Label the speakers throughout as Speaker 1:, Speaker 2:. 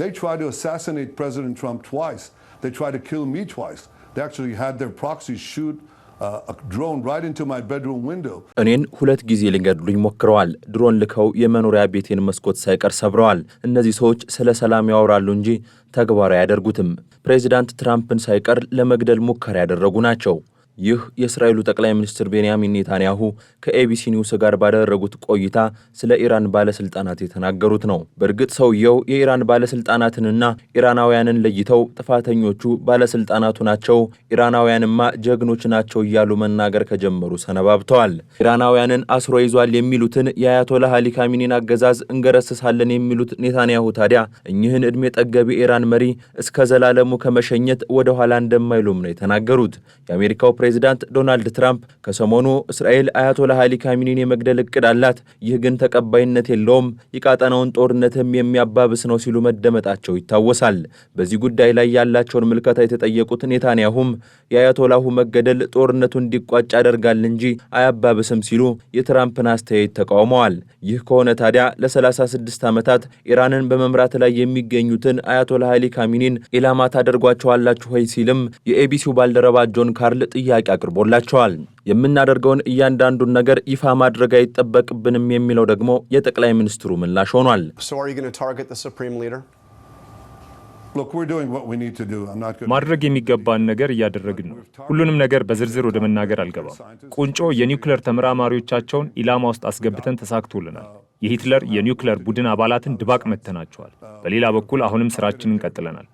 Speaker 1: They tried to assassinate President Trump twice. They tried to kill me twice. They actually had their proxies shoot uh, a drone right into my bedroom window.
Speaker 2: እኔን ሁለት ጊዜ ሊገድሉኝ ሞክረዋል። ድሮን ልከው የመኖሪያ ቤቴን መስኮት ሳይቀር ሰብረዋል። እነዚህ ሰዎች ስለ ሰላም ያወራሉ እንጂ ተግባራዊ አያደርጉትም። ፕሬዚዳንት ትራምፕን ሳይቀር ይህ የእስራኤሉ ጠቅላይ ሚኒስትር ቤንያሚን ኔታንያሁ ከኤቢሲ ኒውስ ጋር ባደረጉት ቆይታ ስለ ኢራን ባለስልጣናት የተናገሩት ነው። በእርግጥ ሰውየው የኢራን ባለስልጣናትንና ኢራናውያንን ለይተው ጥፋተኞቹ ባለስልጣናቱ ናቸው፣ ኢራናውያንማ ጀግኖች ናቸው እያሉ መናገር ከጀመሩ ሰነባብተዋል። ኢራናውያንን አስሮ ይዟል የሚሉትን የአያቶላህ አሊ ካሚኒን አገዛዝ እንገረስሳለን የሚሉት ኔታንያሁ ታዲያ እኚህን ዕድሜ ጠገብ የኢራን መሪ እስከ ዘላለሙ ከመሸኘት ወደኋላ እንደማይሉም ነው የተናገሩት። የአሜሪካው ፕሬዚዳንት ዶናልድ ትራምፕ ከሰሞኑ እስራኤል አያቶላ አሊ ካሚኒን የመግደል እቅድ አላት፣ ይህ ግን ተቀባይነት የለውም፣ የቀጠናውን ጦርነትም የሚያባብስ ነው ሲሉ መደመጣቸው ይታወሳል። በዚህ ጉዳይ ላይ ያላቸውን ምልከታ የተጠየቁት ኔታንያሁም የአያቶላሁ መገደል ጦርነቱ እንዲቋጭ ያደርጋል እንጂ አያባብስም ሲሉ የትራምፕን አስተያየት ተቃውመዋል። ይህ ከሆነ ታዲያ ለ36 ዓመታት ኢራንን በመምራት ላይ የሚገኙትን አያቶላ ሀሊ ካሚኒን ኢላማ ታደርጓቸዋላችሁ ወይ ሲልም የኤቢሲው ባልደረባ ጆን ካርል ጥያ ጥያቄ አቅርቦላቸዋል። የምናደርገውን እያንዳንዱን ነገር ይፋ ማድረግ አይጠበቅብንም የሚለው ደግሞ የጠቅላይ ሚኒስትሩ ምላሽ ሆኗል። ማድረግ የሚገባን ነገር እያደረግን ነው። ሁሉንም ነገር በዝርዝር ወደ መናገር አልገባም። ቁንጮ የኒውክለር ተመራማሪዎቻቸውን ኢላማ ውስጥ አስገብተን ተሳክቶልናል። የሂትለር የኒውክለር ቡድን አባላትን ድባቅ መተናቸዋል። በሌላ በኩል አሁንም ስራችንን ቀጥለናል።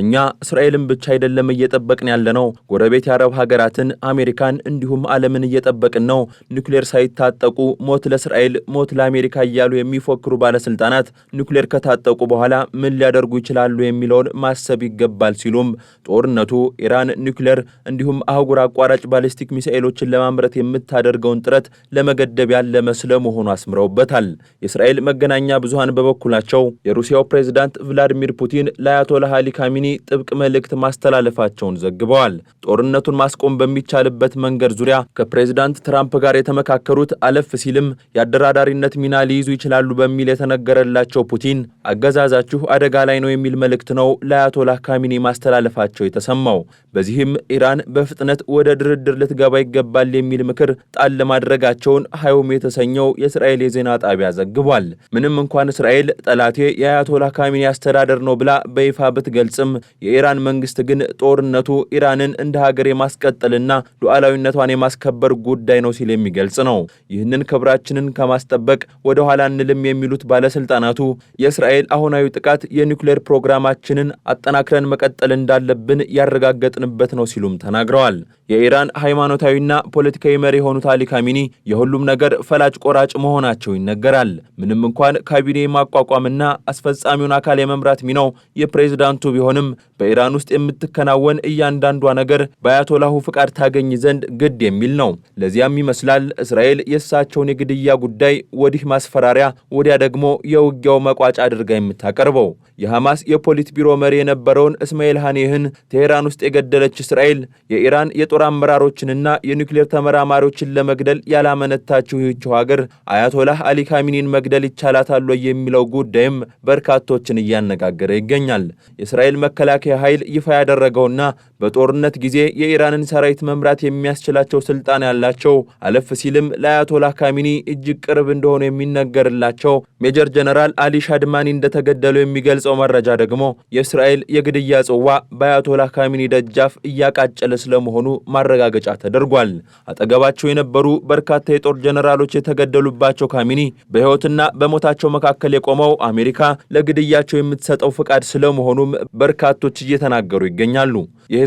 Speaker 2: እኛ እስራኤልን ብቻ አይደለም እየጠበቅን ያለነው፣ ጎረቤት የአረብ ሀገራትን አሜሪካን፣ እንዲሁም ዓለምን እየጠበቅን ነው። ኒውክሌር ሳይታጠቁ ሞት ለእስራኤል ሞት ለአሜሪካ እያሉ የሚፎክሩ ባለስልጣናት ኒውክሌር ከታጠቁ በኋላ ምን ሊያደርጉ ይችላሉ የሚለውን ማሰብ ይገባል ሲሉም ጦርነቱ ኢራን ኒውክሌር እንዲሁም አህጉር አቋራጭ ባሊስቲክ ሚሳኤሎችን ለማምረት የምታደርገውን ጥረት ለመገደብ ያለመ መሆኑ አስምረውበታል። የእስራኤል መገናኛ ብዙሃን በበኩላቸው የሩሲያው ፕሬዚዳንት ቭላዲሚር ፑቲን ለአያቶላህ አሊ ካሚኒ ጥብቅ መልእክት ማስተላለፋቸውን ዘግበዋል። ጦርነቱን ማስቆም በሚቻልበት መንገድ ዙሪያ ከፕሬዚዳንት ትራምፕ ጋር የተመካከሩት አለፍ ሲልም የአደራዳሪነት ሚና ሊይዙ ይችላሉ በሚል የተነገረላቸው ፑቲን አገዛዛችሁ አደጋ ላይ ነው የሚል መልእክት ነው ለአያቶላህ ካሚኒ ማስተላለፋቸው የተሰማው። በዚህም ኢራን በፍጥነት ወደ ድርድር ልትገባ ይገባል የሚል ምክር ጣል ለማድረጋቸውን ሀዮም የተሰኘው የእስራኤል የዜና ጣቢያ ዘግቧል። ምንም እንኳን እስራኤል ጠላቴ የአያቶላህ ካሚኒ አስተዳደር ነው ብላ በይፋ ብትገልጽም ቢገልጽም የኢራን መንግስት ግን ጦርነቱ ኢራንን እንደ ሀገር የማስቀጠልና ሉዓላዊነቷን የማስከበር ጉዳይ ነው ሲል የሚገልጽ ነው። ይህንን ክብራችንን ከማስጠበቅ ወደ ኋላ አንልም የሚሉት ባለስልጣናቱ የእስራኤል አሁናዊ ጥቃት የኒውክሌር ፕሮግራማችንን አጠናክረን መቀጠል እንዳለብን ያረጋገጥንበት ነው ሲሉም ተናግረዋል። የኢራን ሃይማኖታዊና ፖለቲካዊ መሪ የሆኑት አሊ ካሚኒ የሁሉም ነገር ፈላጭ ቆራጭ መሆናቸው ይነገራል። ምንም እንኳን ካቢኔ ማቋቋምና አስፈጻሚውን አካል የመምራት ሚናው የፕሬዝዳንቱ ቢሆንም ቢሆንም በኢራን ውስጥ የምትከናወን እያንዳንዷ ነገር በአያቶላሁ ፍቃድ ታገኝ ዘንድ ግድ የሚል ነው። ለዚያም ይመስላል እስራኤል የእሳቸውን የግድያ ጉዳይ ወዲህ ማስፈራሪያ፣ ወዲያ ደግሞ የውጊያው መቋጫ አድርጋ የምታቀርበው። የሐማስ የፖሊት ቢሮ መሪ የነበረውን እስማኤል ሃኔህን ቴሄራን ውስጥ የገደለች እስራኤል የኢራን የጦር አመራሮችንና የኒውክሌር ተመራማሪዎችን ለመግደል ያላመነታችው ይህችው ሀገር አያቶላህ አሊ ካሚኒን መግደል ይቻላታል የሚለው ጉዳይም በርካቶችን እያነጋገረ ይገኛል። የእስራኤል መከላከያ ኃይል ይፋ ያደረገውና በጦርነት ጊዜ የኢራንን ሰራዊት መምራት የሚያስችላቸው ስልጣን ያላቸው አለፍ ሲልም ለአያቶላ ካሚኒ እጅግ ቅርብ እንደሆኑ የሚነገርላቸው ሜጀር ጀነራል አሊ ሻድማኒ እንደተገደሉ የሚገልጸው መረጃ ደግሞ የእስራኤል የግድያ ጽዋ በአያቶላ ካሚኒ ደጃፍ እያቃጨለ ስለመሆኑ ማረጋገጫ ተደርጓል። አጠገባቸው የነበሩ በርካታ የጦር ጀነራሎች የተገደሉባቸው ካሚኒ በሕይወትና በሞታቸው መካከል የቆመው አሜሪካ ለግድያቸው የምትሰጠው ፍቃድ ስለመሆኑም በርካቶች እየተናገሩ ይገኛሉ።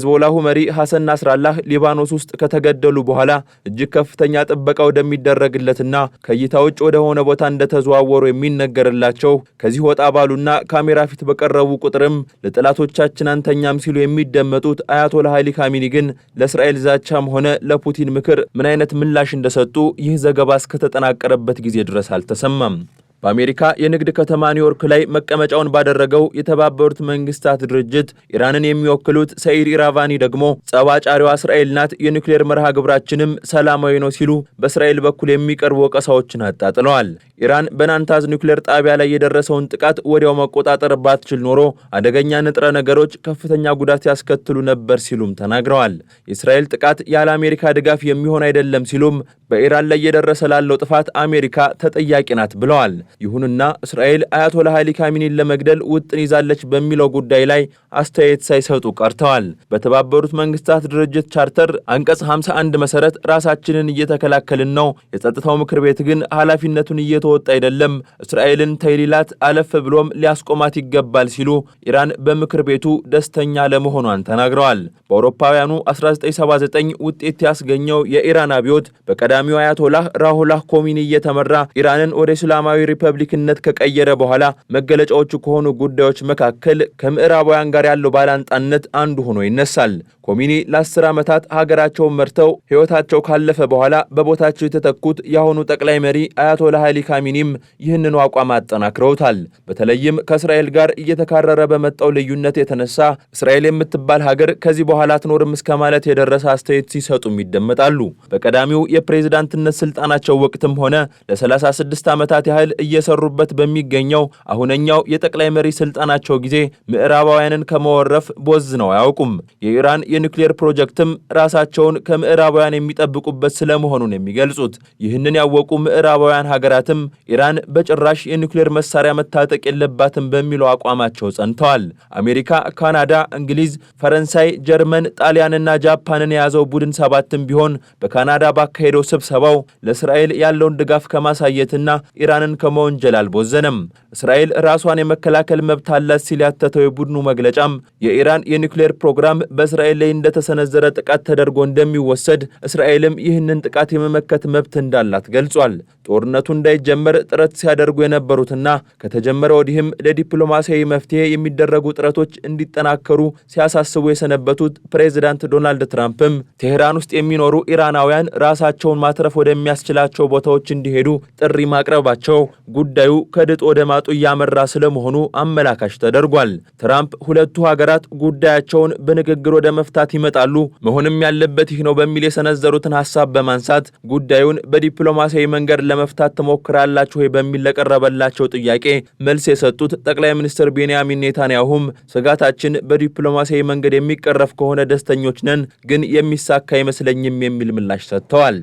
Speaker 2: የሄዝቦላሁ መሪ ሐሰን ናስራላህ ሊባኖስ ውስጥ ከተገደሉ በኋላ እጅግ ከፍተኛ ጥበቃ ወደሚደረግለትና ከእይታ ውጭ ወደሆነ ቦታ እንደተዘዋወሩ የሚነገርላቸው ከዚህ ወጣ ባሉና ካሜራ ፊት በቀረቡ ቁጥርም ለጠላቶቻችን አንተኛም ሲሉ የሚደመጡት አያቶላ ሀይሊ ካሚኒ ግን ለእስራኤል ዛቻም ሆነ ለፑቲን ምክር ምን አይነት ምላሽ እንደሰጡ ይህ ዘገባ እስከተጠናቀረበት ጊዜ ድረስ አልተሰማም። በአሜሪካ የንግድ ከተማ ኒውዮርክ ላይ መቀመጫውን ባደረገው የተባበሩት መንግስታት ድርጅት ኢራንን የሚወክሉት ሰኢድ ኢራቫኒ ደግሞ ጸባጫሪዋ እስራኤል ናት፣ የኒውክሌር መርሃ ግብራችንም ሰላማዊ ነው ሲሉ በእስራኤል በኩል የሚቀርቡ ወቀሳዎችን አጣጥለዋል። ኢራን በናንታዝ ኒውክሌር ጣቢያ ላይ የደረሰውን ጥቃት ወዲያው መቆጣጠር ባትችል ኖሮ አደገኛ ንጥረ ነገሮች ከፍተኛ ጉዳት ያስከትሉ ነበር ሲሉም ተናግረዋል። የእስራኤል ጥቃት ያለ አሜሪካ ድጋፍ የሚሆን አይደለም ሲሉም በኢራን ላይ እየደረሰ ላለው ጥፋት አሜሪካ ተጠያቂ ናት ብለዋል። ይሁንና እስራኤል አያቶላህ አሊ ካሚኒን ለመግደል ውጥን ይዛለች በሚለው ጉዳይ ላይ አስተያየት ሳይሰጡ ቀርተዋል። በተባበሩት መንግስታት ድርጅት ቻርተር አንቀጽ 51 መሰረት ራሳችንን እየተከላከልን ነው፣ የጸጥታው ምክር ቤት ግን ኃላፊነቱን እየተወጣ አይደለም፣ እስራኤልን ተይሊላት አለፍ ብሎም ሊያስቆማት ይገባል ሲሉ ኢራን በምክር ቤቱ ደስተኛ ለመሆኗን ተናግረዋል። በአውሮፓውያኑ 1979 ውጤት ያስገኘው የኢራን አብዮት በቀዳ ቀዳሚው አያቶላህ ራሁላህ ኮሚኒ እየተመራ ኢራንን ወደ እስላማዊ ሪፐብሊክነት ከቀየረ በኋላ መገለጫዎቹ ከሆኑ ጉዳዮች መካከል ከምዕራባውያን ጋር ያለው ባላንጣነት አንዱ ሆኖ ይነሳል። ኮሚኒ ለአስር ዓመታት ሀገራቸውን መርተው ሕይወታቸው ካለፈ በኋላ በቦታቸው የተተኩት የአሁኑ ጠቅላይ መሪ አያቶላ ኃይሊ ካሚኒም ይህንኑ አቋም አጠናክረውታል። በተለይም ከእስራኤል ጋር እየተካረረ በመጣው ልዩነት የተነሳ እስራኤል የምትባል ሀገር ከዚህ በኋላ አትኖርም እስከ ማለት የደረሰ አስተያየት ሲሰጡም ይደመጣሉ። በቀዳሚው የፕሬዝዳንትነት ስልጣናቸው ወቅትም ሆነ ለ36 ዓመታት ያህል እየሰሩበት በሚገኘው አሁነኛው የጠቅላይ መሪ ስልጣናቸው ጊዜ ምዕራባውያንን ከመወረፍ ቦዝ ነው አያውቁም። የኢራን የኒውክሌር ፕሮጀክትም ራሳቸውን ከምዕራባውያን የሚጠብቁበት ስለመሆኑ ነው የሚገልጹት። ይህንን ያወቁ ምዕራባውያን ሀገራትም ኢራን በጭራሽ የኒውክሌር መሳሪያ መታጠቅ የለባትም በሚለው አቋማቸው ጸንተዋል። አሜሪካ፣ ካናዳ፣ እንግሊዝ፣ ፈረንሳይ፣ ጀርመን፣ ጣሊያንና ጃፓንን የያዘው ቡድን ሰባትም ቢሆን በካናዳ ባካሄደው ስብሰባው ለእስራኤል ያለውን ድጋፍ ከማሳየትና ኢራንን ከመወንጀል አልቦዘነም። እስራኤል ራሷን የመከላከል መብት አላት ሲል ያተተው የቡድኑ መግለጫም የኢራን የኒውክሌር ፕሮግራም በእስራኤል ላይ እንደተሰነዘረ ጥቃት ተደርጎ እንደሚወሰድ እስራኤልም ይህንን ጥቃት የመመከት መብት እንዳላት ገልጿል። ጦርነቱ እንዳይጀመር ጥረት ሲያደርጉ የነበሩትና ከተጀመረ ወዲህም ለዲፕሎማሲያዊ መፍትሄ የሚደረጉ ጥረቶች እንዲጠናከሩ ሲያሳስቡ የሰነበቱት ፕሬዚዳንት ዶናልድ ትራምፕም ቴህራን ውስጥ የሚኖሩ ኢራናውያን ራሳቸውን ማትረፍ ወደሚያስችላቸው ቦታዎች እንዲሄዱ ጥሪ ማቅረባቸው ጉዳዩ ከድጥ ወደ ማጡ እያመራ ስለመሆኑ አመላካሽ ተደርጓል። ትራምፕ ሁለቱ ሀገራት ጉዳያቸውን በንግግር ወደ መፍ ለመፍታት ይመጣሉ። መሆንም ያለበት ይህ ነው በሚል የሰነዘሩትን ሀሳብ በማንሳት ጉዳዩን በዲፕሎማሲያዊ መንገድ ለመፍታት ትሞክራላችሁ ወይ በሚል ለቀረበላቸው ጥያቄ መልስ የሰጡት ጠቅላይ ሚኒስትር ቤንያሚን ኔታንያሁም ስጋታችን በዲፕሎማሲያዊ መንገድ የሚቀረፍ ከሆነ ደስተኞች ነን፣ ግን የሚሳካ አይመስለኝም የሚል ምላሽ ሰጥተዋል።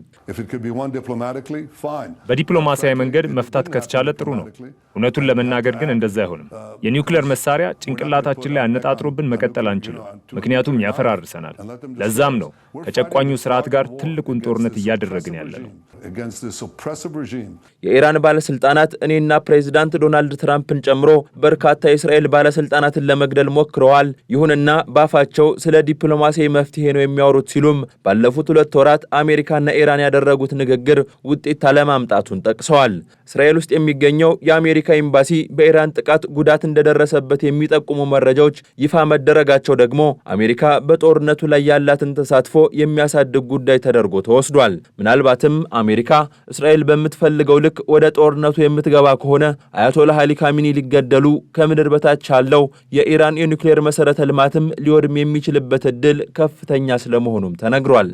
Speaker 2: በዲፕሎማሲያዊ መንገድ መፍታት ከተቻለ ጥሩ ነው። እውነቱን ለመናገር ግን እንደዛ አይሆንም። uh, የኒውክሌር መሳሪያ ጭንቅላታችን ላይ አነጣጥሮብን መቀጠል አንችልም፣ ምክንያቱም ያፈራርሰናል። ለዛም ነው ከጨቋኙ ስርዓት ጋር ትልቁን ጦርነት እያደረግን ያለ ነው። የኢራን ባለስልጣናት እኔና ፕሬዚዳንት ዶናልድ ትራምፕን ጨምሮ በርካታ የእስራኤል ባለስልጣናትን ለመግደል ሞክረዋል። ይሁንና ባፋቸው ስለ ዲፕሎማሲያዊ መፍትሄ ነው የሚያወሩት ሲሉም ባለፉት ሁለት ወራት አሜሪካና ኢራን ያደረጉት ንግግር ውጤት አለማምጣቱን ጠቅሰዋል። እስራኤል ውስጥ የሚገኘው የአሜሪካ ኤምባሲ በኢራን ጥቃት ጉዳት እንደደረሰበት የሚጠቁሙ መረጃዎች ይፋ መደረጋቸው ደግሞ አሜሪካ በጦርነቱ ላይ ያላትን ተሳትፎ የሚያሳድግ ጉዳይ ተደርጎ ተወስዷል። ምናልባትም አሜሪካ እስራኤል በምትፈልገው ልክ ወደ ጦርነቱ የምትገባ ከሆነ አያቶላህ አሊ ካሚኒ ሊገደሉ ከምድር በታች ያለው የኢራን የኒውክሌር መሠረተ ልማትም ሊወድም የሚችልበት ዕድል ከፍተኛ ስለመሆኑም ተነግሯል።